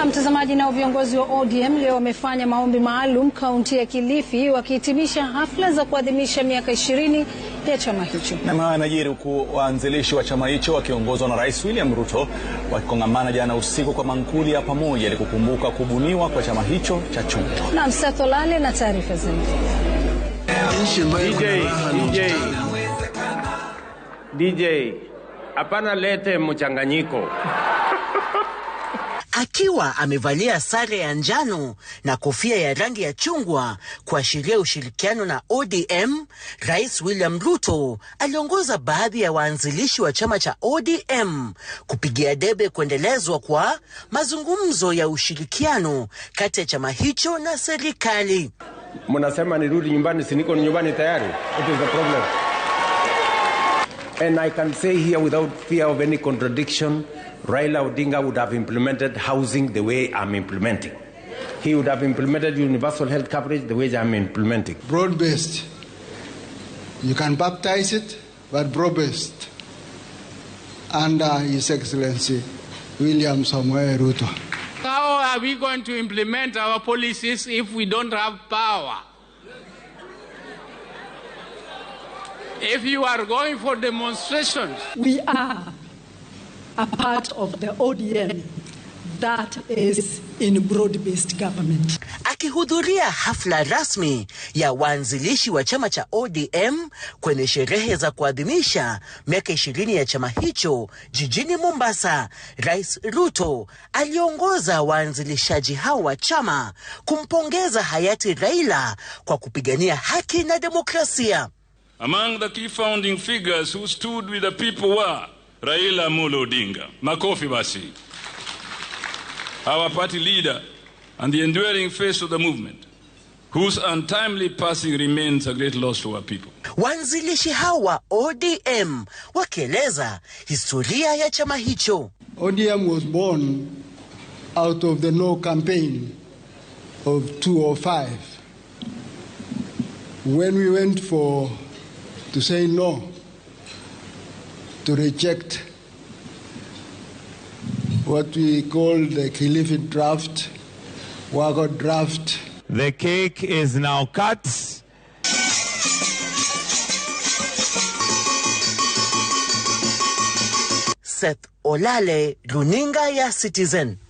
Na mtazamaji, nao viongozi wa ODM leo wamefanya maombi maalum kaunti ya Kilifi wakihitimisha hafla za kuadhimisha miaka ishirini ya chama hicho. Na najiri huku waanzilishi wa chama hicho wakiongozwa na Rais William Ruto wakikongamana jana usiku kwa mankuli ya pamoja ili kukumbuka kubuniwa kwa chama hicho cha chungu. Na Msatho Lale na taarifa zaidi. DJ, DJ, hapana lete mchanganyiko akiwa amevalia sare ya njano na kofia ya rangi ya chungwa kuashiria ushirikiano na ODM, Rais William Ruto aliongoza baadhi ya waanzilishi wa chama cha ODM kupigia debe kuendelezwa kwa mazungumzo ya ushirikiano kati ya chama hicho na serikali. Mnasema nirudi nyumbani, siniko nyumbani tayari. It is the problem. And I can say here without fear of any contradiction, Raila Odinga would have implemented housing the way I'm implementing. He would have implemented universal health coverage the way I'm implementing. Broad based. You can baptize it, but broad based. Under His Excellency William Samuel Ruto. How are we going to implement our policies if we don't have power? If you are going for demonstrations, we are a part of the ODM that is in broad-based government. Akihudhuria hafla rasmi ya waanzilishi wa chama cha ODM kwenye sherehe za kuadhimisha miaka 20 ya chama hicho jijini Mombasa, Rais Ruto aliongoza waanzilishaji hao wa chama kumpongeza hayati Raila kwa kupigania haki na demokrasia. Among the key founding figures who stood with the people were Raila Amolo Odinga, Makofi Basi, our party leader and the enduring face of the movement whose untimely passing remains a great loss to our people. Waanzilishi hawa ODM wakieleza historia ya chama hicho. ODM was born out of the no campaign of 205 when we went for to say no, to reject what we call the Khilifid draft, Wago draft. The cake is now cut. Seth Olale, Luninga ya Citizen.